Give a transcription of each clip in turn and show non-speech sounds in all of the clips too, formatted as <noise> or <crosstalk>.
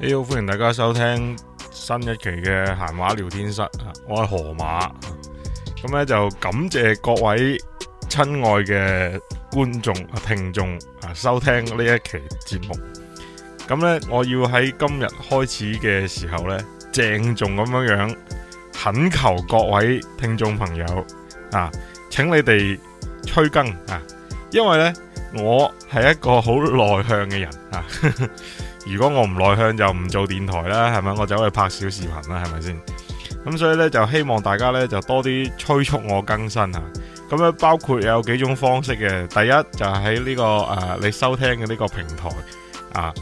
誒，hey, 好歡迎大家收聽新一期嘅閒話聊天室啊！我係河馬，咁咧就感謝各位親愛嘅觀眾啊聽眾啊收聽呢一期節目。咁咧，我要喺今日開始嘅時候咧，鄭重咁樣樣懇求各位聽眾朋友啊，請你哋催更啊，因為咧我係一個好內向嘅人啊。 <laughs> 如果我唔內向就唔做電台啦，係咪？我走去拍小視頻啦，係咪先？咁所以呢，就希望大家呢，就多啲催促我更新啊！咁咧包括有幾種方式嘅，第一就喺呢、呢個誒、呃、你收聽嘅呢個平台啊、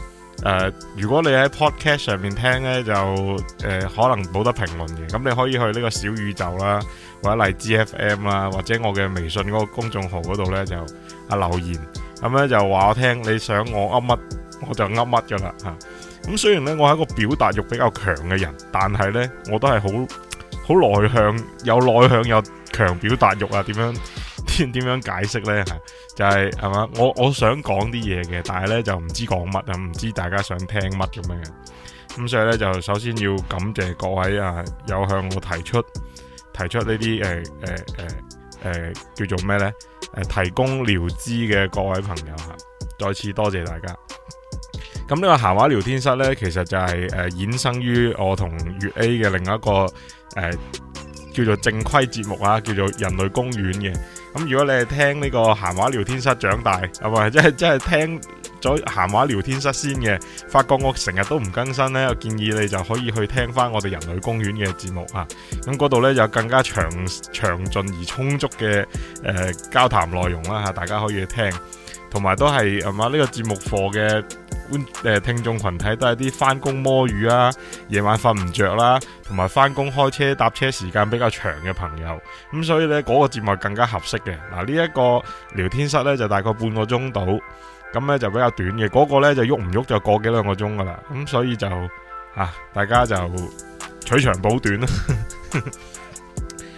呃、如果你喺 Podcast 上面聽呢，就誒、呃、可能冇得評論嘅，咁你可以去呢個小宇宙啦，或者荔枝 FM 啦，或者我嘅微信嗰個公眾號嗰度呢，就啊留言，咁呢，就話我聽你想我噏乜？我就噏乜噶啦吓，咁雖然咧，我係一個表達欲比較強嘅人，但係咧，我都係好好內向，有內向有強表達欲啊。點樣點樣解釋咧？吓就係係嘛，我我想講啲嘢嘅，但係咧就唔知講乜啊，唔知大家想聽乜咁樣嘅。咁所以咧，就首先要感謝各位啊，有向我提出提出呢啲誒誒誒誒叫做咩咧誒提供聊資嘅各位朋友吓，再次多謝大家。咁呢個閒話聊天室呢，其實就係、是、誒、呃、衍生於我同粵 A 嘅另一個誒、呃、叫做正規節目啊，叫做人類公園嘅。咁如果你係聽呢個閒話聊天室長大，係咪？即係即係聽咗閒話聊天室先嘅，發覺我成日都唔更新呢，我建議你就可以去聽翻我哋人類公園嘅節目啊。咁嗰度呢，有更加詳詳盡而充足嘅誒、呃、交談內容啦、啊、吓，大家可以去聽，同埋都係嘛呢個節目課嘅。誒，聽眾群體都係啲翻工摸魚啊，夜晚瞓唔着啦，同埋翻工開車搭車時間比較長嘅朋友，咁所以呢個節目更加合適嘅。嗱，呢一個聊天室呢，就大概半個鐘到，咁呢就比較短嘅，嗰個呢，就喐唔喐就個幾兩個鐘噶啦。咁所以就啊，大家就取長補短啦。 <laughs>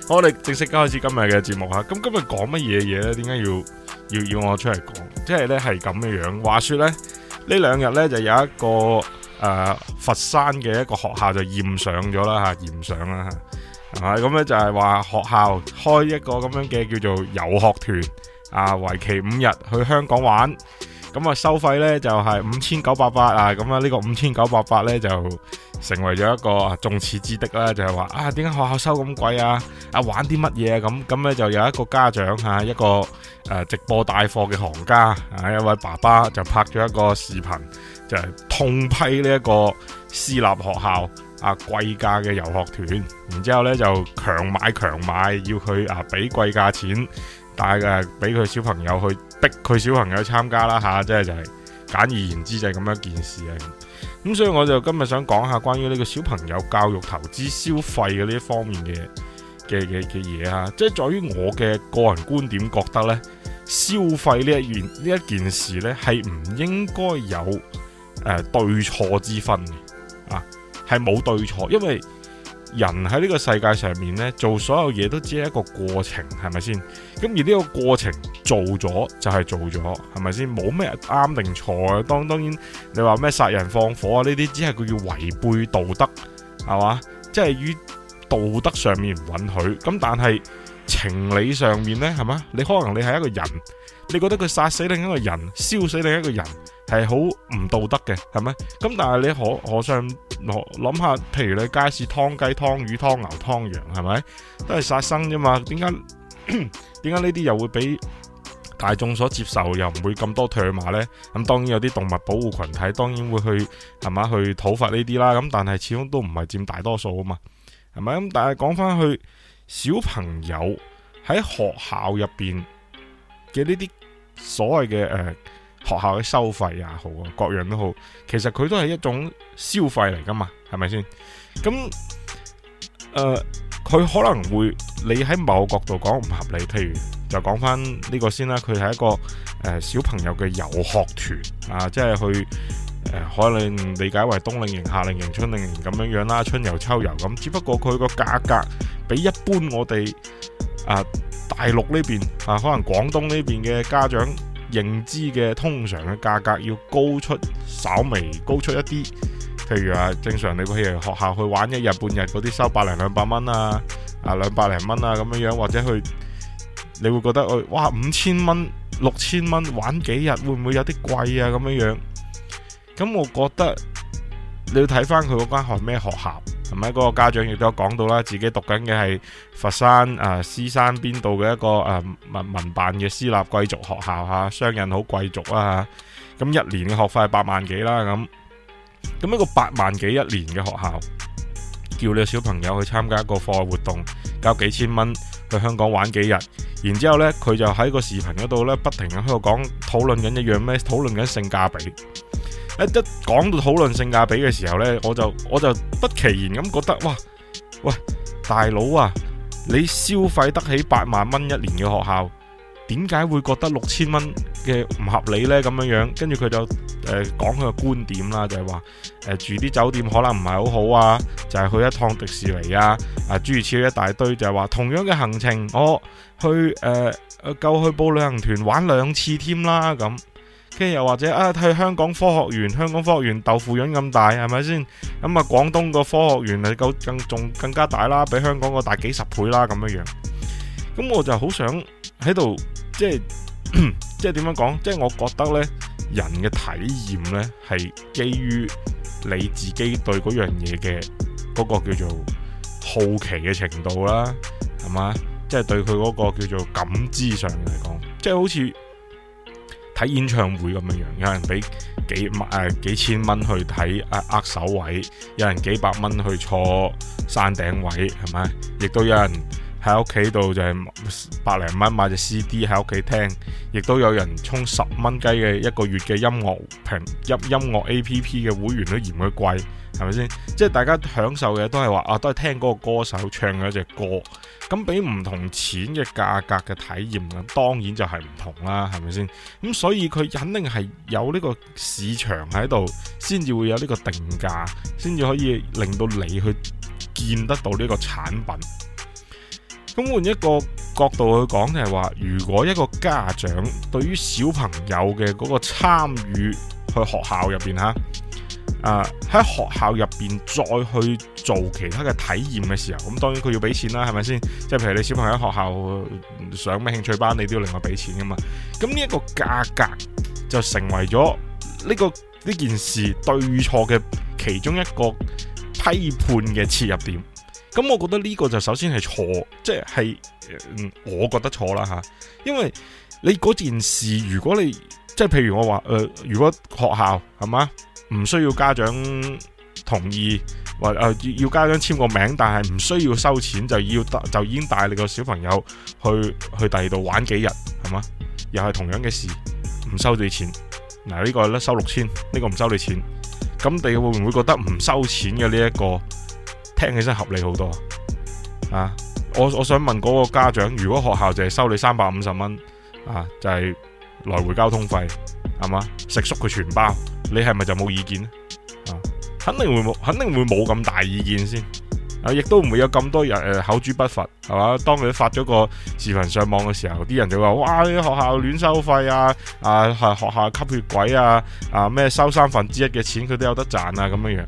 好，我哋正式開始今日嘅節目啊！咁今日講乜嘢嘢呢？點解要要要我出嚟講？即係呢係咁嘅樣。話說呢。呢兩日呢，就有一個誒、呃，佛山嘅一個學校就驗上咗啦吓，驗上啦吓，係嘛？咁咧就係話學校開一個咁樣嘅叫做遊學團啊，為期五日去香港玩。咁啊，收費呢，就係五千九百八啊，咁啊呢個五千九百八呢，就成為咗一個眾矢之的啦，就係、是、話啊，點解學校收咁貴啊？啊，玩啲乜嘢啊？咁咁呢就有一個家長吓、啊，一個誒、呃、直播帶貨嘅行家啊，一位爸爸就拍咗一個視頻，就係、是、痛批呢一個私立學校啊貴價嘅遊學團，然之後呢就強買強買要佢啊俾貴價錢。係嘅俾佢小朋友去，逼佢小朋友參加啦吓，即係就係簡而言之就係咁樣一件事啊。咁所以我就今日想講下關於呢個小朋友教育、投資、消費嘅呢方面嘅嘅嘅嘢啊。即係在於我嘅個人觀點覺得呢消費呢一件呢一件事呢，係唔應該有誒、呃、對錯之分嘅啊，係冇對錯，因為。人喺呢個世界上面呢，做所有嘢都只係一個過程，係咪先？咁而呢個過程做咗就係做咗，係咪先？冇咩啱定錯啊！當當然，當然你話咩殺人放火啊？呢啲只係佢要違背道德，係嘛？即係於道德上面唔允許。咁但係情理上面呢，係嘛？你可能你係一個人，你覺得佢殺死另一個人，燒死另一個人。係好唔道德嘅，係咪？咁但係你可可想可諗下，譬如你街市劏雞、劏魚、劏牛、劏羊，係咪都係殺生啫嘛？點解點解呢啲又會俾大眾所接受，又唔會咁多唾罵呢？咁當然有啲動物保護群體，當然會去係嘛去討伐呢啲啦。咁但係始終都唔係佔大多數啊嘛，係咪？咁但係講翻去小朋友喺學校入邊嘅呢啲所謂嘅誒。呃學校嘅收費也好啊，各樣都好，其實佢都係一種消費嚟噶嘛，係咪先？咁，誒、呃，佢可能會你喺某個角度講唔合理，譬如就講翻呢個先啦，佢係一個誒、呃、小朋友嘅遊學團啊，即係去誒、呃、可能理解為冬令營、夏令營、春令營咁樣樣啦，春遊、秋遊咁，只不過佢個價格比一般我哋啊大陸呢邊啊可能廣東呢邊嘅家長認知嘅通常嘅價格要高出稍微高出一啲，譬如話、啊、正常你譬如學校去玩一日半日嗰啲收百零兩百蚊啊，啊兩百零蚊啊咁樣樣，或者去你會覺得哇五千蚊六千蚊玩幾日會唔會有啲貴啊咁樣樣？咁我覺得你要睇返佢嗰間學咩學校。同埋嗰個家長亦都有講到啦，自己讀緊嘅係佛山啊獅、呃、山邊度嘅一個誒民民辦嘅私立貴族學校嚇，雙人好貴族啦嚇。咁一年嘅學費係八萬幾啦，咁咁一個八萬幾一年嘅學校，叫你小朋友去參加一個課外活動，交幾千蚊去香港玩幾日，然之後呢，佢就喺個視頻嗰度呢，不停喺度講討論緊一樣咩？討論緊性價比。一一講到討論性價比嘅時候呢，我就我就不其然咁覺得，哇喂大佬啊，你消費得起八萬蚊一年嘅學校，點解會覺得六千蚊嘅唔合理呢？咁樣樣，跟住佢就誒講佢嘅觀點啦，就係話誒住啲酒店可能唔係好好啊，就係、是、去一趟迪士尼啊，啊諸如此類一大堆就說，就係話同樣嘅行程，我、哦、去誒夠、呃、去報旅行團玩兩次添啦咁。跟住又或者啊，睇香港科學園，香港科學園豆腐潤咁大，係咪先？咁、嗯、啊，廣東個科學園係夠更仲更加大啦，比香港個大幾十倍啦，咁樣樣。咁我就好想喺度，即係即係點樣講？即係我覺得呢，人嘅體驗呢係基於你自己對嗰樣嘢嘅嗰個叫做好奇嘅程度啦，係嘛？即係對佢嗰個叫做感知上嚟講，即係好似。喺演唱會咁樣樣，有人俾幾萬，誒幾千蚊去睇，誒握手位，有人幾百蚊去坐山頂位，係咪？亦都有人，喺屋企度就係百零蚊買隻 CD 喺屋企聽，亦都有人充十蚊雞嘅一個月嘅音樂平音音樂 APP 嘅會員都嫌佢貴，係咪先？即係大家享受嘅都係話啊，都係聽嗰個歌手唱嘅一隻歌。咁俾唔同錢嘅價格嘅體驗，咁當然就係唔同啦，係咪先？咁所以佢肯定係有呢個市場喺度，先至會有呢個定價，先至可以令到你去見得到呢個產品。咁換一個角度去講就係話，如果一個家長對於小朋友嘅嗰個參與去學校入邊吓，啊喺學校入邊再去做其他嘅體驗嘅時候，咁當然佢要俾錢啦，係咪先？即係譬如你小朋友喺學校上咩興趣班，你都要另外俾錢噶嘛。咁呢一個價格就成為咗呢個呢件事對錯嘅其中一個批判嘅切入點。咁我覺得呢個就首先係錯，即係，我覺得錯啦吓，因為你嗰件事，如果你即係譬如我話，誒、呃，如果學校係嘛，唔需要家長同意或誒、呃、要家長簽個名，但係唔需要收錢，就要就已經帶你個小朋友去去第二度玩幾日，係嘛，又係同樣嘅事，唔收你錢，嗱、啊、呢、這個咧收六千，呢個唔收你錢，咁你會唔會覺得唔收錢嘅呢一個？聽起身合理好多啊！我我想問嗰個家長，如果學校淨係收你三百五十蚊啊，就係、是、來回交通費係嘛，食宿佢全包，你係咪就冇意見咧、啊？肯定會冇，肯定會冇咁大意見先啊！亦都唔會有咁多人誒、呃、口誅筆伐係嘛？當佢發咗個視頻上網嘅時候，啲人就話：哇！啲學校亂收費啊啊，係、啊、學校吸血鬼啊啊！咩收三分之一嘅錢佢都有得賺啊咁樣樣。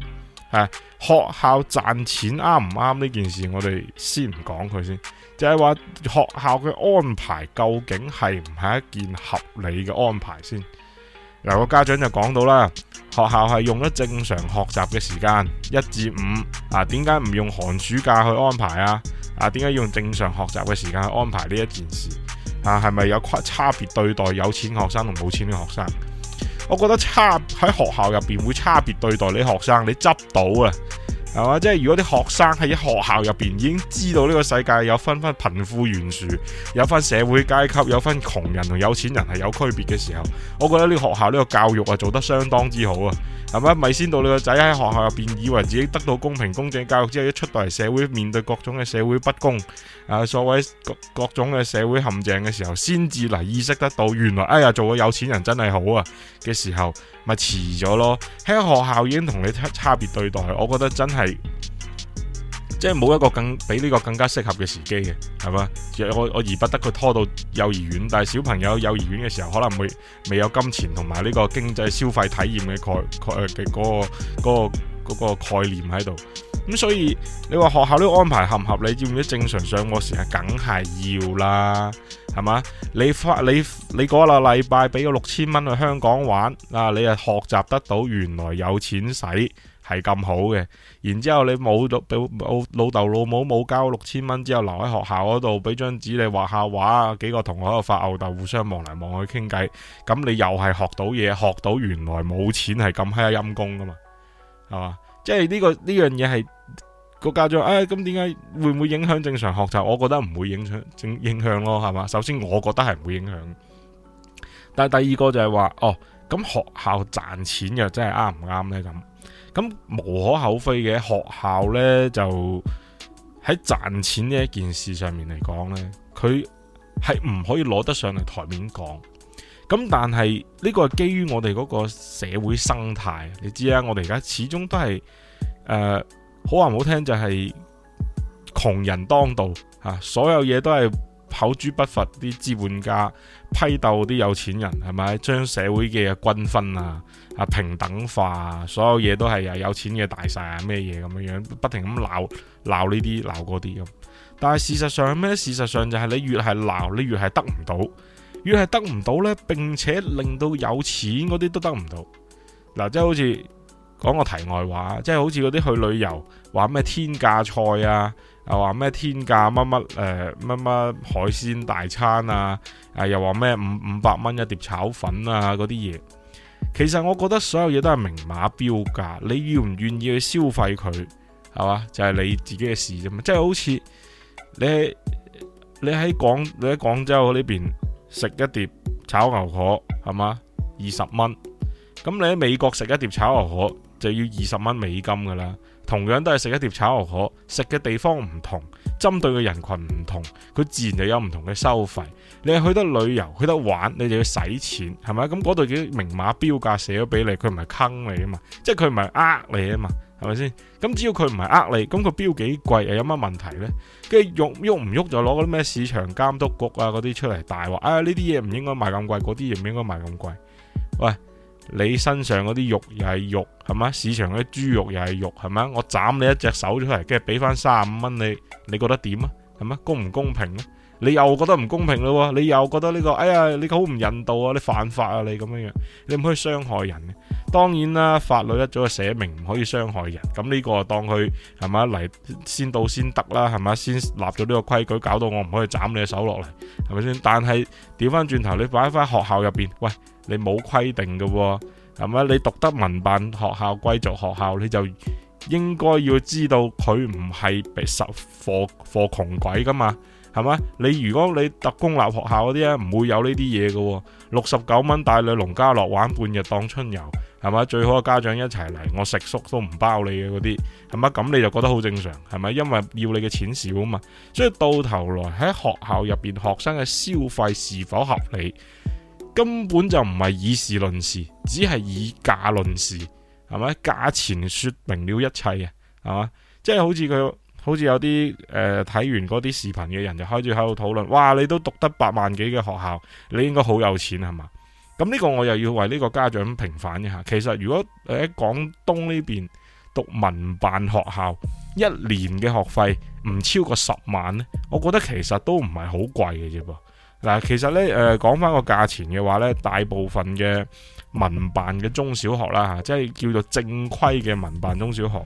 啊，學校賺錢啱唔啱呢件事，我哋先唔講佢先，就係話學校嘅安排究竟係唔係一件合理嘅安排先。嗱，個家長就講到啦，學校係用咗正常學習嘅時間一至五啊，點解唔用寒暑假去安排啊？啊，點解用正常學習嘅時間去安排呢一件事？啊，係咪有差差別對待有錢學生同冇錢嘅學生？我覺得差喺學校入面會差別對待你學生，你執到啊！係嘛？即係如果啲學生喺學校入邊已經知道呢個世界有分分貧富懸殊，有分社會階級，有分窮人同有錢人係有區別嘅時候，我覺得呢個學校呢個教育啊做得相當之好啊，係咪？咪先到你個仔喺學校入邊以為自己得到公平公正教育之後，一出到嚟社會面對各種嘅社會不公，啊，所謂各各種嘅社會陷阱嘅時候，先至嚟意識得到原來哎呀做個有錢人真係好啊嘅時候。咪遲咗咯，喺學校已經同你差別對待，我覺得真係即係冇一個更比呢個更加適合嘅時機嘅，係嘛？我我而不得佢拖到幼兒園，但係小朋友幼兒園嘅時候可能會未，未有金錢同埋呢個經濟消費體驗嘅概概嘅嗰個嗰個嗰個概念喺度。咁所以你話學校呢個安排合唔合理？知唔知正常上課時係梗係要啦，係嘛？你發你你嗰個禮拜俾個六千蚊去香港玩，啊、你係學習得到原來有錢使係咁好嘅。然之後你冇老老豆老母冇交六千蚊之後留喺學校嗰度，俾張紙你畫下畫啊，幾個同學喺度發吽哣，互相望嚟，望去傾偈。咁你又係學到嘢，學到原來冇錢係咁閪陰功噶嘛，係嘛？即係呢個呢樣嘢係個家長，誒，咁點解會唔會影響正常學習？我覺得唔會影響，影影響咯，係嘛？首先，我覺得係唔會影響。但係第二個就係話，哦，咁學校賺錢又真係啱唔啱呢？咁咁無可厚非嘅學校呢，就喺賺錢呢一件事上面嚟講呢，佢係唔可以攞得上嚟台面講。咁但係呢個係基於我哋嗰個社會生態，你知呀，啊，我哋而家始終都係誒，呃，好話唔好聽就係窮人當道，啊，所有嘢都係口誅筆伐啲資本家，批鬥啲有錢人，係咪？將社會嘅均分啊，啊平等化，啊，所有嘢都係有錢嘅大曬啊咩嘢咁樣樣，不停咁鬧鬧呢啲鬧嗰啲咁。但係事實上係咩？事實上就係你越係鬧，你越係得唔到。越係得唔到呢，並且令到有錢嗰啲都得唔到。嗱、啊，即係好似講個題外話，即係好似嗰啲去旅遊，話咩天價菜啊，又話咩天價乜乜誒乜乜海鮮大餐啊，啊又話咩五五百蚊一碟炒粉啊嗰啲嘢。其實我覺得所有嘢都係明碼標價，你願唔願意去消費佢係嘛？就係、是、你自己嘅事啫嘛。即係好似你你喺廣你喺廣州呢邊，食一碟炒牛河係嘛，二十蚊，咁你喺美國食一碟炒牛河就要二十蚊美金㗎喇。同樣都係食一碟炒牛河，食嘅地方唔同，針對嘅人群唔同，佢自然就有唔同嘅收費。你去得旅遊，去得玩，你就要使錢係咪？咁嗰度已經明碼標價寫咗俾你，佢唔係坑你啊嘛，即係佢唔係呃你啊嘛。係咪先？咁只要佢唔係呃你，咁佢標幾貴又有乜問題呢？跟住肉喐唔喐就攞嗰啲咩市場監督局啊嗰啲出嚟大話，哎呀，呢啲嘢唔應該賣咁貴，嗰啲嘢唔應該賣咁貴。喂，你身上嗰啲肉又係肉，係咪？市場嗰啲豬肉又係肉，係咪？我斬你一隻手出嚟，跟住俾翻三十五蚊你，你覺得點啊？係咩公唔公平咧？你又覺得唔公平咯？你又覺得呢個？哎呀，你好唔人道啊！你犯法啊你咁樣樣，你唔可以傷害人。當然啦，法律一早就寫明唔可以傷害人。咁呢個當佢係咪？嚟，先到先得啦，係咪？先立咗呢個規矩，搞到我唔可以斬你手落嚟，係咪先？但係調翻轉頭，你擺翻學校入邊，喂，你冇規定噶喎，係咪？你讀得民辦學校貴族學校，你就應該要知道佢唔係實課課窮鬼噶嘛。係嘛？你如果你特公立學校嗰啲咧，唔會有呢啲嘢嘅。六十九蚊帶你農家樂玩半日當春遊，係嘛？最好嘅家長一齊嚟，我食宿都唔包你嘅嗰啲，係嘛？咁你就覺得好正常，係咪？因為要你嘅錢少啊嘛。所以到頭來喺學校入邊，學生嘅消費是否合理，根本就唔係以事論事，只係以價論事，係咪？價錢說明了一切啊，係嘛？即係好似佢。好似有啲呃、睇完嗰啲視頻嘅人就開始喺度討論，哇！你都讀得八萬幾嘅學校，你應該好有錢係嘛？咁呢個我又要為呢個家長平反一下。其實如果喺廣東呢邊讀民辦學校，一年嘅學費唔超過十萬呢，我覺得其實都唔係好貴嘅啫。嗱，其實呢，誒講翻個價錢嘅話呢，大部分嘅民辦嘅中小學啦、吓、即係叫做正規嘅民辦中小學。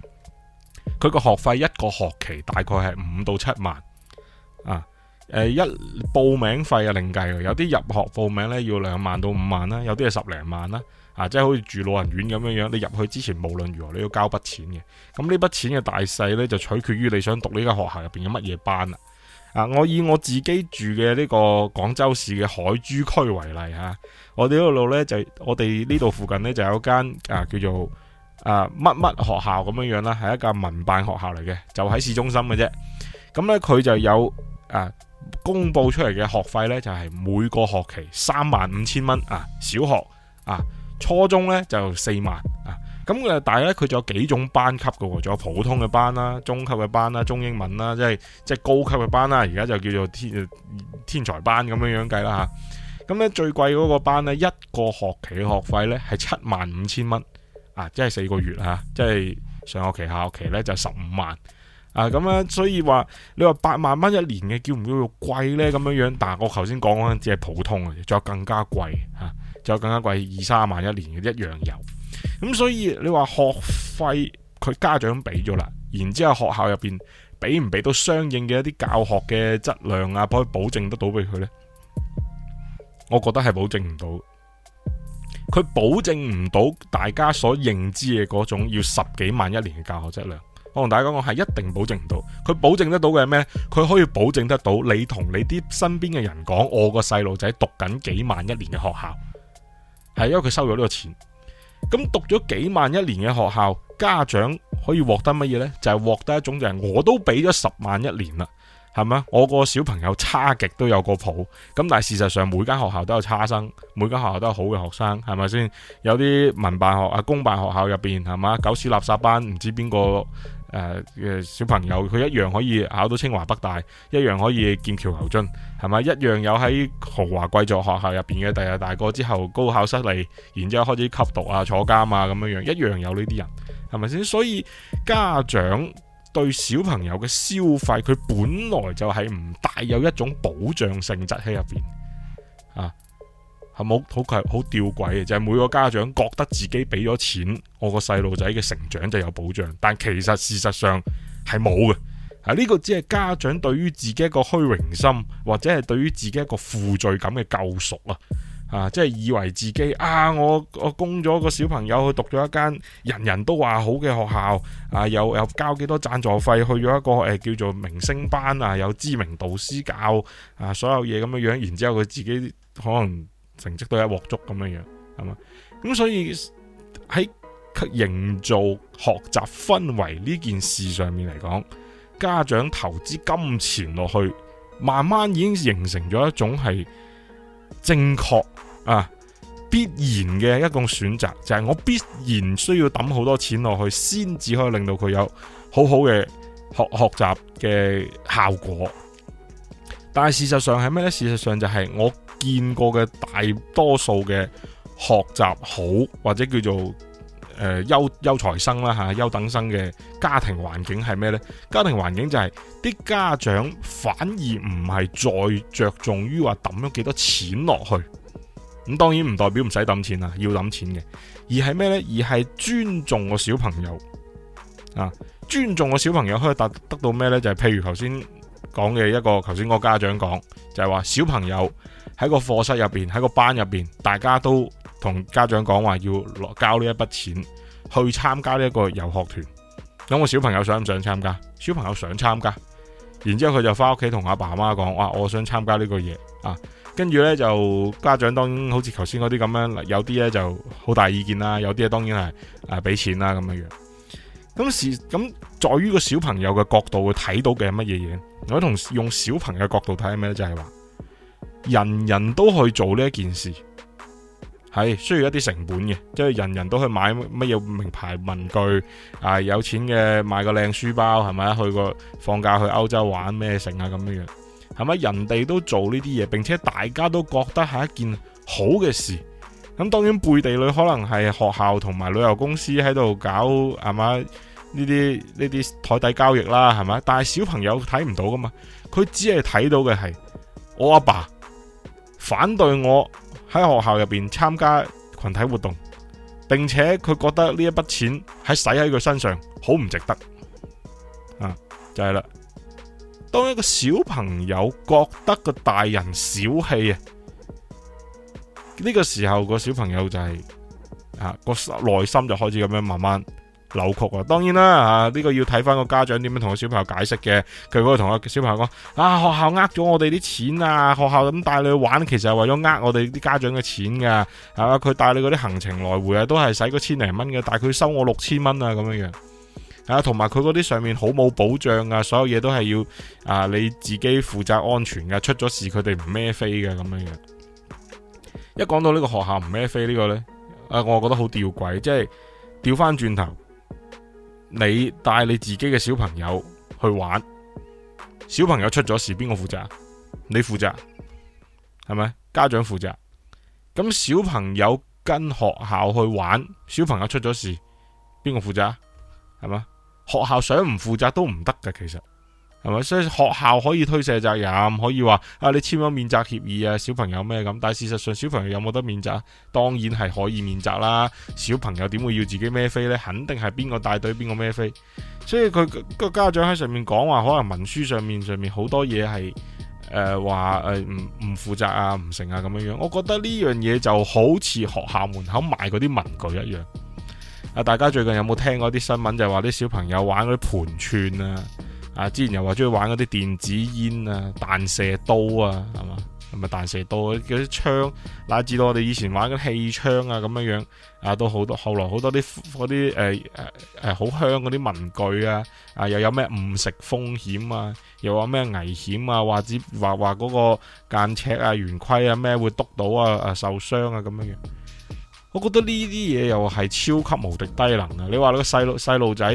佢個學費一個學期大概係五到七萬啊，誒、呃、一報名費啊另計，有啲入學報名咧要兩萬到五萬啦，有啲係十零萬啦，啊，即係好似住老人院咁樣樣，你入去之前無論如何你要交筆錢嘅。咁呢筆錢嘅大細咧就取決於你想讀呢間學校入邊嘅乜嘢班啊，我以我自己住嘅呢個廣州市嘅海珠區為例吓、啊，我呢度咧就我哋呢度附近咧就有一間啊叫做。誒，乜乜、呃、學校咁樣樣啦，係一間民辦學校嚟嘅，就喺市中心嘅啫。咁、嗯、呢，佢就有、呃、公布出嚟嘅學費呢，就係、是、每個學期三萬五千蚊啊，小學啊，初中呢，就四萬啊。咁、嗯、誒，但係呢，佢仲有幾種班級噶喎，仲有普通嘅班啦、中級嘅班啦、中英文啦，即係即係高級嘅班啦。而家就叫做天天才班咁樣樣計啦吓。咁、啊、呢、嗯，最貴嗰個班呢，一個學期嘅學費呢，係七萬五千蚊。啊，即係四個月吓、啊，即係上學期，下期、下學期咧就十、是、五萬啊，咁、啊、樣，所以話你話八萬蚊一年嘅叫唔叫貴呢？咁樣樣？但係我頭先講嗰陣只係普通嘅，仲有更加貴吓，仲、啊、有更加貴二三十萬一年嘅一樣有。咁所以你話學費佢家長俾咗啦，然之後學校入邊俾唔俾到相應嘅一啲教學嘅質量啊，可以保證得到俾佢呢？我覺得係保證唔到。佢保證唔到大家所認知嘅嗰種要十幾萬一年嘅教學質量，我同大家講講係一定保證唔到。佢保證得到嘅係咩？佢可以保證得到你同你啲身邊嘅人講，我個細路仔讀緊幾萬一年嘅學校，係因為佢收咗呢個錢。咁讀咗幾萬一年嘅學校，家長可以獲得乜嘢呢？就係獲得一種就係我都俾咗十萬一年啦。係嘛？我個小朋友差極都有個譜，咁但係事實上每間學校都有差生，每間學校都有好嘅學生，係咪先？有啲民辦學啊、公辦學校入邊，係嘛？狗屎垃圾班，唔知邊個誒嘅、呃、小朋友，佢一樣可以考到清華北大，一樣可以劍橋牛津，係咪？一樣有喺豪華貴族學校入邊嘅，第日大個之後高考失利，然之後開始吸毒啊、坐監啊咁樣樣，一樣有呢啲人，係咪先？所以家長。對小朋友嘅消費，佢本來就係唔帶有一種保障性質喺入邊啊，係冇好係好吊詭嘅，就係、是、每個家長覺得自己俾咗錢，我個細路仔嘅成長就有保障，但其實事實上係冇嘅啊！呢、這個只係家長對於自己一個虛榮心，或者係對於自己一個負罪感嘅救贖啊！啊！即係以為自己啊，我我供咗個小朋友去讀咗一間人人都話好嘅學校啊，又又交幾多贊助費去咗一個誒、呃、叫做明星班啊，有知名導師教啊，所有嘢咁樣樣，然之後佢自己可能成績都一鑊粥咁樣樣，係嘛？咁所以喺營造學習氛圍呢件事上面嚟講，家長投資金錢落去，慢慢已經形成咗一種係。正確啊，必然嘅一個選擇就係、是、我必然需要抌好多錢落去，先至可以令到佢有很好好嘅學學習嘅效果。但係事實上係咩呢？事實上就係我見過嘅大多數嘅學習好或者叫做。誒，優優才生啦吓，優、啊、優等生嘅家庭環境係咩呢？家庭環境就係、是、啲家長反而唔係再着重於話抌咗幾多錢落去，咁、嗯、當然唔代表唔使抌錢啊，要抌錢嘅，而係咩呢？而係尊重個小朋友，啊，尊重個小朋友可以達得，得到咩呢？就係、是、譬如頭先講嘅一個，頭先個家長講就係、是、話小朋友喺個課室入邊，喺個班入邊，大家都。同家長講話要落交呢一筆錢去參加呢一個遊學團，咁個小朋友想唔想參加？小朋友想參加，然之後佢就翻屋企同阿爸阿媽講：哇，我想參加呢個嘢啊！跟住呢，就家長當然好似頭先嗰啲咁樣，有啲呢就好大意見啦，有啲呢當然係啊俾錢啦咁樣樣。咁時咁在於個小朋友嘅角度會睇到嘅係乜嘢嘢？如果同用小朋友嘅角度睇係咩呢？就係話人人都去做呢一件事。係需要一啲成本嘅，即係人人都去買乜嘢名牌文具，啊有錢嘅買個靚書包係咪？去個放假去歐洲玩咩成啊咁樣樣，係咪人哋都做呢啲嘢，並且大家都覺得係一件好嘅事。咁當然背地裏可能係學校同埋旅遊公司喺度搞，係咪呢啲呢啲台底交易啦，係咪？但係小朋友睇唔到噶嘛，佢只係睇到嘅係我阿爸反對我。喺學校入邊參加群體活動，並且佢覺得呢一筆錢喺使喺佢身上好唔值得啊，就係啦。當一個小朋友覺得個大人小氣啊，呢個時候個小朋友就係啊個內心就開始咁樣慢慢。扭曲啊！當然啦，吓、啊、呢、呢個要睇翻個家長點樣同個小朋友解釋嘅。佢嗰個同個小朋友講：啊，學校呃咗我哋啲錢啊！學校咁帶你去玩，其實係為咗呃我哋啲家長嘅錢噶、啊，係、啊、嘛？佢帶你嗰啲行程來回啊，都係使咗千零蚊嘅，但係佢收我六千蚊啊，咁樣樣，啊，同埋佢嗰啲上面好冇保障啊。所有嘢都係要啊你自己負責安全噶，出咗事佢哋唔孭飛嘅咁樣樣。一講到呢個學校唔孭飛呢、呢個呢，啊，我覺得好吊詭，即係調翻轉頭。你帶你自己嘅小朋友去玩，小朋友出咗事邊個負責？你負責係咪？家長負責。咁小朋友跟學校去玩，小朋友出咗事邊個負責？係嘛？學校想唔負責都唔得噶，其實。係咪？所以學校可以推卸責任，可以話啊，你簽咗免責協議啊，小朋友咩咁？但係事實上，小朋友有冇得免責？當然係可以免責啦。小朋友點會要自己孭飛呢？肯定係邊個帶隊邊個孭飛。所以佢個家長喺上面講話，可能文書上面上面好多嘢係誒話誒唔唔負責啊，唔成啊咁樣樣。我覺得呢樣嘢就好似學校門口賣嗰啲文具一樣。啊，大家最近有冇聽過啲新聞？就係話啲小朋友玩嗰啲盤串啊。啊！之前又話鍾意玩嗰啲電子煙啊、彈射刀啊，係嘛？係咪彈射刀？嗰、啊、啲槍，乃至到我哋以前玩嘅氣槍啊，咁樣樣啊，都好多。後來好多啲嗰啲誒誒誒好香嗰啲文具啊，啊又有咩誤食風險啊？又話咩危險啊？或者話話嗰個間尺啊、圓規啊咩會督到啊啊受傷啊咁樣樣。我覺得呢啲嘢又係超級無敵低能啊！你話你個細路細路仔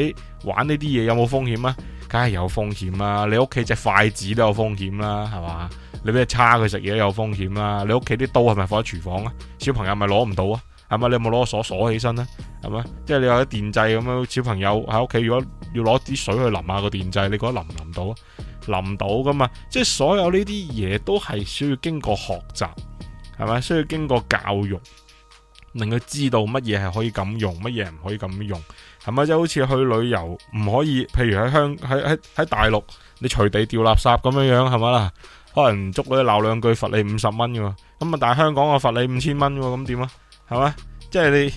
玩呢啲嘢有冇風險啊？梗係有風險啦、啊，你屋企隻筷子都有風險啦、啊，係嘛？你俾隻叉佢食嘢有風險啦、啊，你屋企啲刀係咪放喺廚房啊？小朋友咪攞唔到啊，係咪？你有冇攞鎖鎖起身啊？係咪？即係你有啲電掣咁樣，小朋友喺屋企如果要攞啲水去淋下、啊個電掣，你覺得淋唔淋到？淋唔到噶嘛？即係所有呢啲嘢都係需要經過學習，係咪？需要經過教育。令佢知道乜嘢係可以咁用，乜嘢唔可以咁用，係咪即好似去旅遊唔可以？譬如喺香喺喺大陸，你隨地掉垃圾咁樣樣，係咪啦？可能捉你鬧兩句，罰你五十蚊嘅喎。咁啊，但係香港我罰你五千蚊嘅喎，咁點啊？係咪？即係你，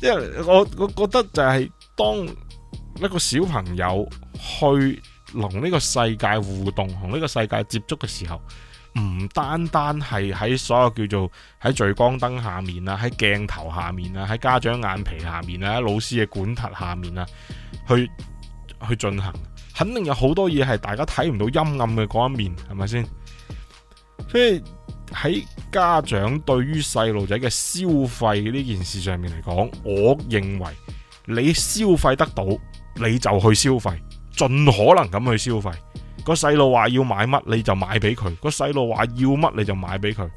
即係我，我覺得就係當一個小朋友去同呢個世界互動，同呢個世界接觸嘅時候。唔單單係喺所有叫做喺聚光燈下面啦、啊，喺鏡頭下面啦、啊，喺家長眼皮下面啦、啊，喺老師嘅管轄下面啦、啊，去去進行，肯定有好多嘢係大家睇唔到陰暗嘅嗰一面，係咪先？所以喺家長對於細路仔嘅消費呢件事上面嚟講，我認為你消費得到你就去消費，盡可能咁去消費。個細路話要買乜，你就買俾佢，個細路話要乜，你就買俾佢，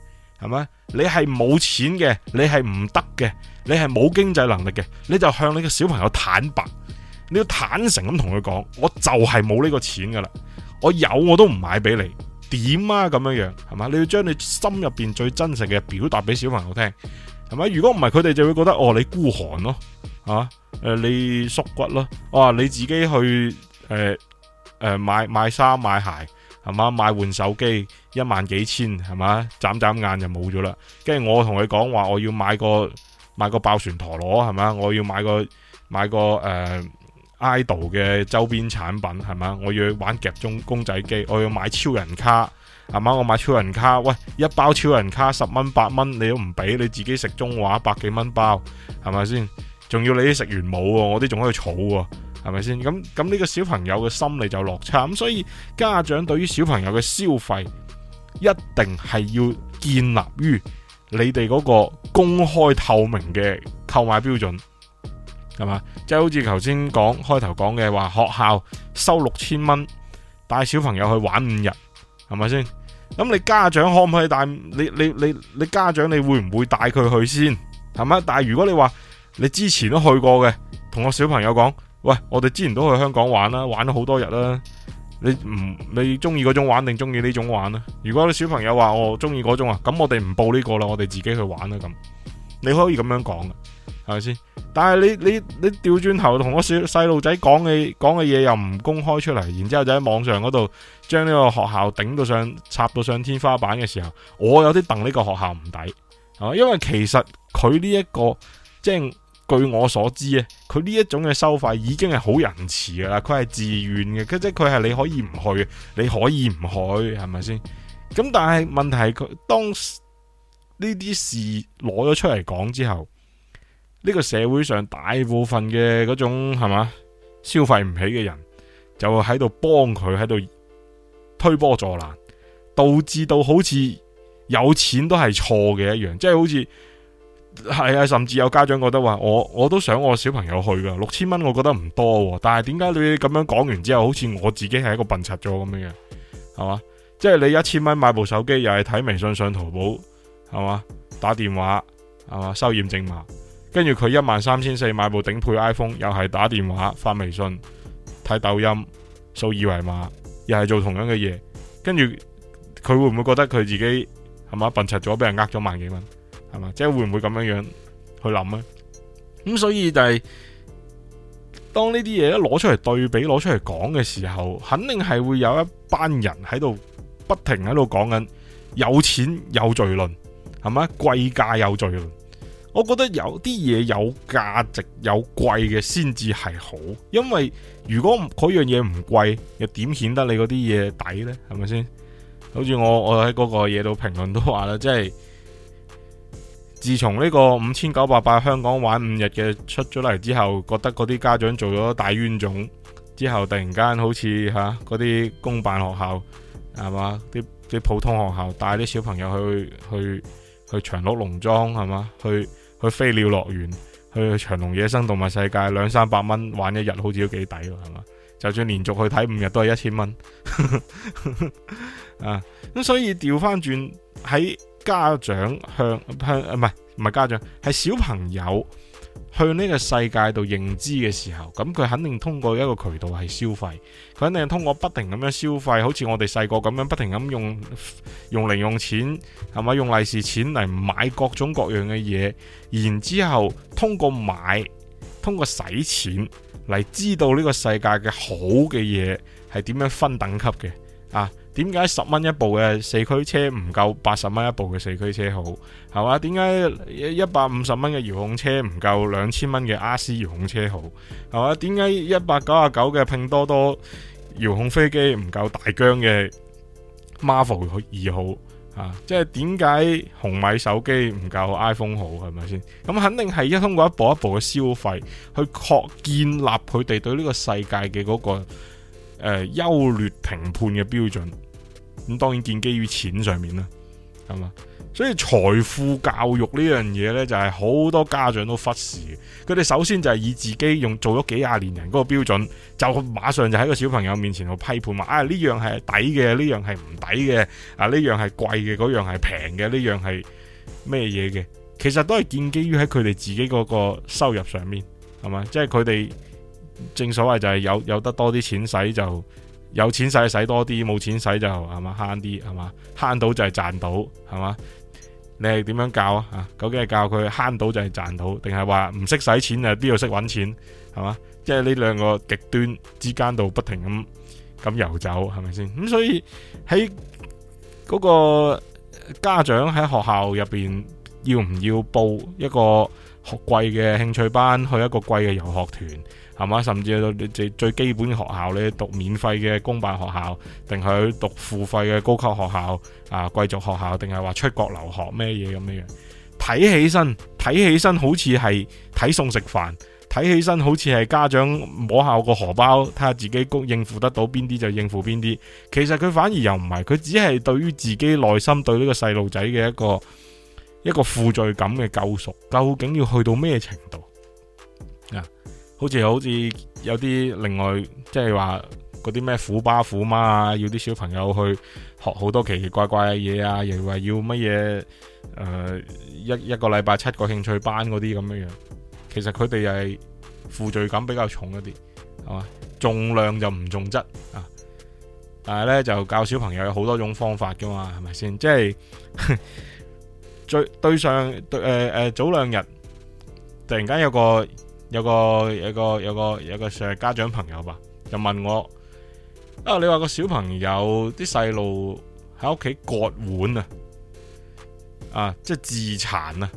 係咪？你係冇錢嘅，你係唔得嘅，你係冇經濟能力嘅，你就向你嘅小朋友坦白，你要坦誠咁同佢講，我就係冇呢個錢噶啦，我有我都唔買俾你，點啊咁樣樣，係咪？你要將你心入邊最真實嘅表達俾小朋友聽，係咪？如果唔係佢哋就會覺得哦，你孤寒咯，啊誒、呃、你縮骨咯，哇、啊、你自己去誒。呃誒、呃，買買衫買鞋係嘛，買換手機一萬幾千係嘛，眨眨眼就冇咗啦。我跟住我同佢講話，我要買個買個爆旋陀螺係嘛，我要買個買個誒 idol 嘅周邊產品係嘛，我要玩夾中公仔機，我要買超人卡係嘛，我買超人卡，喂，一包超人卡十蚊八蚊，元元你都唔俾，你自己食中華百幾蚊包係咪先？仲要你啲食完冇，我啲仲可以儲。係咪先？咁咁，呢個小朋友嘅心理就落差咁，所以家長對於小朋友嘅消費一定係要建立於你哋嗰個公開透明嘅購買標準，係嘛？即係好似頭先講開頭講嘅話，學校收六千蚊帶小朋友去玩五日，係咪先？咁你家長可唔可以帶？你你你你家長你會唔會帶佢去先？係咪？但係如果你話你之前都去過嘅，同個小朋友講。喂，我哋之前都去香港玩啦，玩咗好多日啦。你唔，你中意嗰種玩定中意呢種玩啊？如果你小朋友話，哦，我中意嗰種啊，咁我哋唔報呢個啦，我哋自己去玩啦咁。你可以咁樣講，係咪先？但係你你你調轉頭同我小細路仔講嘅講嘅嘢又唔公開出嚟，然之後就喺網上嗰度將呢個學校頂到上插到上天花板嘅時候，我有啲戥呢個學校唔抵啊，因為其實佢呢一個即係。就是據我所知啊，佢呢一種嘅收費已經係好仁慈噶啦，佢係自願嘅，即係佢係你可以唔去，你可以唔去，係咪先？咁但係問題係佢當呢啲事攞咗出嚟講之後，呢個社會上大部分嘅嗰種係嘛消費唔起嘅人，就會喺度幫佢喺度推波助瀾，導致到好似有錢都係錯嘅一樣，即係好似。係啊，甚至有家長覺得話我我都想我小朋友去噶，六千蚊，我覺得唔多，但係點解你咁樣講完之後，好似我自己係一個笨柒咗咁嘅，係嘛？即係你一千蚊買部手機，又係睇微信、上淘寶，係嘛？打電話，係嘛？收驗證碼，跟住佢一萬三千四買部頂配 iPhone，又係打電話、發微信、睇抖音、掃二維碼，又係做同樣嘅嘢，跟住佢會唔會覺得佢自己係嘛？笨柒咗，俾人呃咗萬幾蚊？即係會唔會咁樣樣去諗咧？咁所以就係當呢啲嘢咧攞出嚟對比、攞出嚟講嘅時候，肯定係會有一班人喺度不停喺度講緊有錢有罪論，係咪？貴價有罪論。我覺得有啲嘢有價值、有貴嘅先至係好，因為如果嗰樣嘢唔貴，又點顯得你嗰啲嘢抵呢？係咪先？好似我我喺嗰個嘢度評論都話啦，即係。自從呢個五千九百八香港玩五日嘅，出咗嚟之後，覺得嗰啲家長做咗大冤種之後，突然間好似吓嗰啲公辦學校係嘛，啲普通學校帶啲小朋友去去去，去長鹿農莊係嘛，去去飛鳥樂園，去長隆野生動物世界兩三百蚊玩一日，好似都幾抵喎，係嘛，就算連續去睇五日都係一千蚊 <laughs> 啊，咁所以調翻轉喺。家長向向，唔係唔係，家長，係小朋友向呢個世界度認知嘅時候，咁佢肯定通過一個渠道係消費，佢肯定通過不停咁樣消費，好似我哋細個咁樣不停咁用用零用錢係咪用利是錢嚟買各種各樣嘅嘢，然之後通過買，通過使錢嚟知道呢個世界嘅好嘅嘢係點樣分等級嘅啊！點解十蚊一部嘅四驅車唔夠八十蚊一部嘅四驅車好係嘛？點解一百五十蚊嘅遙控車唔夠兩千蚊嘅 RC 遙控車好係嘛？點解一百九十九嘅拼多多遙控飛機唔夠大疆嘅 Marvel 二號啊？即係點解紅米手機唔夠 iPhone 好係咪先？咁肯定係要通過一步一步嘅消費去確建立佢哋對呢個世界嘅嗰、那個誒、呃、優劣評判嘅標準。咁當然建基於錢上面啦，係嘛？所以財富教育呢樣嘢呢，就係好多家長都忽視。佢哋首先就係以自己用做咗幾廿年人嗰個標準，就馬上就喺個小朋友面前度批判話、哎：啊呢樣係抵嘅，呢樣係唔抵嘅，啊呢樣係貴嘅，嗰樣係平嘅，呢樣係咩嘢嘅？其實都係建基於喺佢哋自己嗰個收入上面，係嘛？即係佢哋正所謂就係有有得多啲錢使就。有錢使使多啲，冇錢使就係嘛慳啲，係嘛慳到就係賺到，係嘛？你係點樣教啊？嚇，究竟係教佢慳到就係賺到，定係話唔識使錢啊？邊度識揾錢？係嘛？即係呢兩個極端之間度不停咁咁遊走，係咪先？咁所以喺嗰個家長喺學校入邊，要唔要報一個學貴嘅興趣班，去一個貴嘅遊學團？係嘛？甚至最基本嘅，學校你讀免費嘅公辦學校，定係去讀付費嘅高級學校啊，貴族學校，定係話出國留學咩嘢咁樣樣？睇起身，睇起身好似係睇餸食飯，睇起身好似係家長摸下我個荷包，睇下自己供應付得到邊啲就應付邊啲。其實佢反而又唔係，佢只係對於自己內心對呢個細路仔嘅一個一個負罪感嘅救贖，究竟要去到咩程度啊？好似好似有啲另外即係話嗰啲咩虎爸虎媽啊，要啲小朋友去學好多奇奇怪怪嘅嘢啊，又話要乜嘢誒一一個禮拜七個興趣班嗰啲咁樣樣，其實佢哋又係負罪感比較重一啲，係嘛？重量就唔重質啊，但係呢，就教小朋友有好多種方法噶嘛，係咪先？即、就、係、是、最對上對誒誒、呃呃、早兩日突然間有個。有個有個有個有個家長朋友吧，就問我：啊，你話個小朋友啲細路喺屋企割腕啊？啊，即係自殘啊？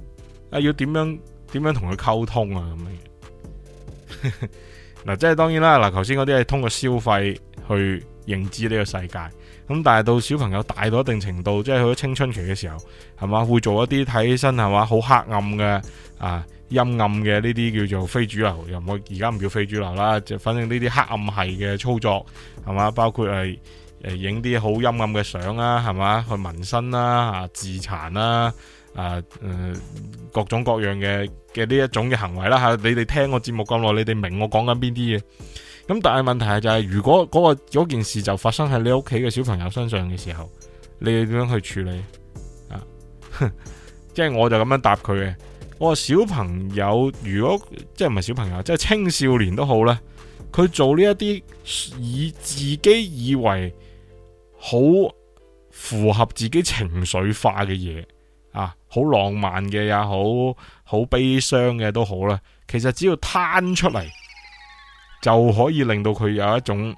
啊，要點樣點樣同佢溝通啊？咁樣嗱，即係當然啦。嗱、啊，頭先嗰啲係通過消費去認知呢個世界，咁、啊、但係到小朋友大到一定程度，即係去咗青春期嘅時候，係嘛會做一啲睇起身係嘛好黑暗嘅啊。陰暗嘅，呢啲叫做非主流，又唔，而家唔叫非主流啦，就反正呢啲黑暗係嘅操作係嘛，包括係影啲好陰暗嘅相啊，係嘛去紋身啦、啊自殘啦、啊誒、呃、各種各樣嘅、嘅呢一種嘅行為啦吓，你哋聽我節目咁耐，你哋明我講緊邊啲嘢？咁但係問題係就係、是，如果嗰、那個那件事就發生喺你屋企嘅小朋友身上嘅時候，你要點樣去處理啊？即係、就是、我就咁樣答佢嘅。我話小朋友，如果即係唔係小朋友，即係青少年都好啦。佢做呢一啲以自己以為好符合自己情緒化嘅嘢啊，好浪漫嘅也好好悲傷嘅都好啦。其實只要攤出嚟就可以令到佢有一種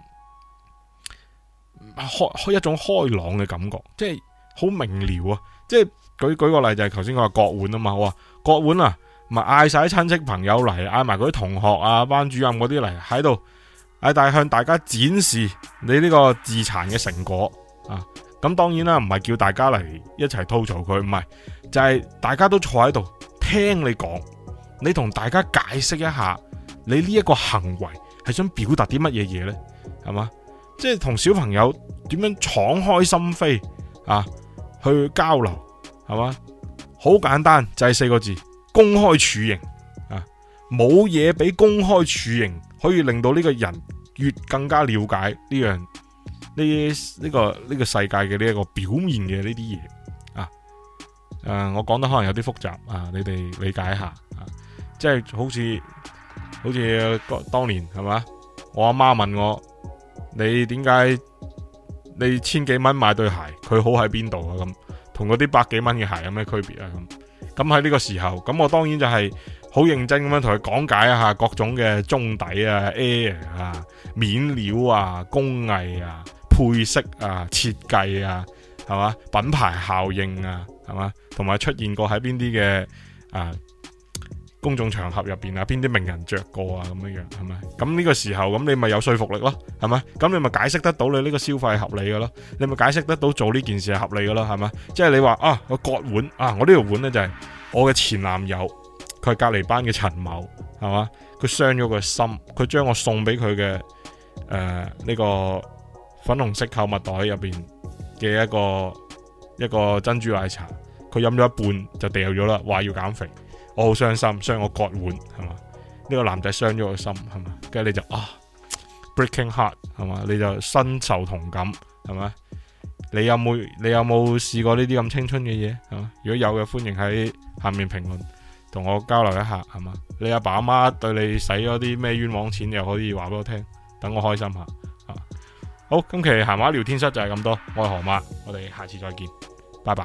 開一種開朗嘅感覺，即係好明了啊！即係。舉舉個例就係頭先，我話割腕啊嘛，我話割腕啊，咪嗌晒親戚朋友嚟，嗌埋嗰啲同學啊、班主任嗰啲嚟喺度，嗌大向大家展示你呢個自殘嘅成果啊。咁當然啦，唔係叫大家嚟一齊吐槽佢，唔係就係、是、大家都坐喺度聽你講，你同大家解釋一下你呢一個行為係想表達啲乜嘢嘢呢？係嘛？即係同小朋友點樣敞開心扉啊，去交流。係嘛？好簡單，就係、是、四個字：公開處刑啊！冇嘢比公開處刑，可以令到呢個人越更加了解呢樣呢呢個呢、這個這個世界嘅呢一個表面嘅呢啲嘢啊！誒、呃，我講得可能有啲複雜啊，你哋理解下啊，即、就、係、是、好似好似當年係嘛？我阿媽問我：你點解你千幾蚊買對鞋？佢好喺邊度啊？咁同嗰啲百幾蚊嘅鞋有咩區別啊？咁咁喺呢個時候，咁我當然就係好認真咁樣同佢講解一下各種嘅中底啊、Air 啊、面料啊、工藝啊、配色啊、設計啊，係嘛？品牌效應啊，係嘛？同埋出現過喺邊啲嘅啊？公眾場合入邊啊，邊啲名人着過啊，咁樣樣係咪？咁呢個時候咁你咪有說服力咯，係咪？咁你咪解釋得到你呢個消費合理嘅咯？你咪解釋得到做呢件事係合理嘅咯，係咪？即係你話啊我割碗啊，我呢條碗、啊、碗呢，就係我嘅前男友，佢係隔籬班嘅陳某，係嘛？佢傷咗個心，佢將我送俾佢嘅誒呢個粉紅色購物袋入邊嘅一個一個珍珠奶茶，佢飲咗一半就掉咗啦，話要減肥。我好傷心，所以我割腕，係嘛？呢、這個男仔傷咗我心，係嘛？跟住你就啊，breaking heart，係嘛？你就身受同感，係嘛？你有冇？你有冇試過呢啲咁青春嘅嘢？係嘛？如果有嘅，歡迎喺下面評論同我交流一下，係嘛？你阿爸阿媽對你使咗啲咩冤枉錢，又可以話俾我聽，等我開心下。好，今期閒話聊天室就係咁多，我係河馬，我哋下次再見，拜拜。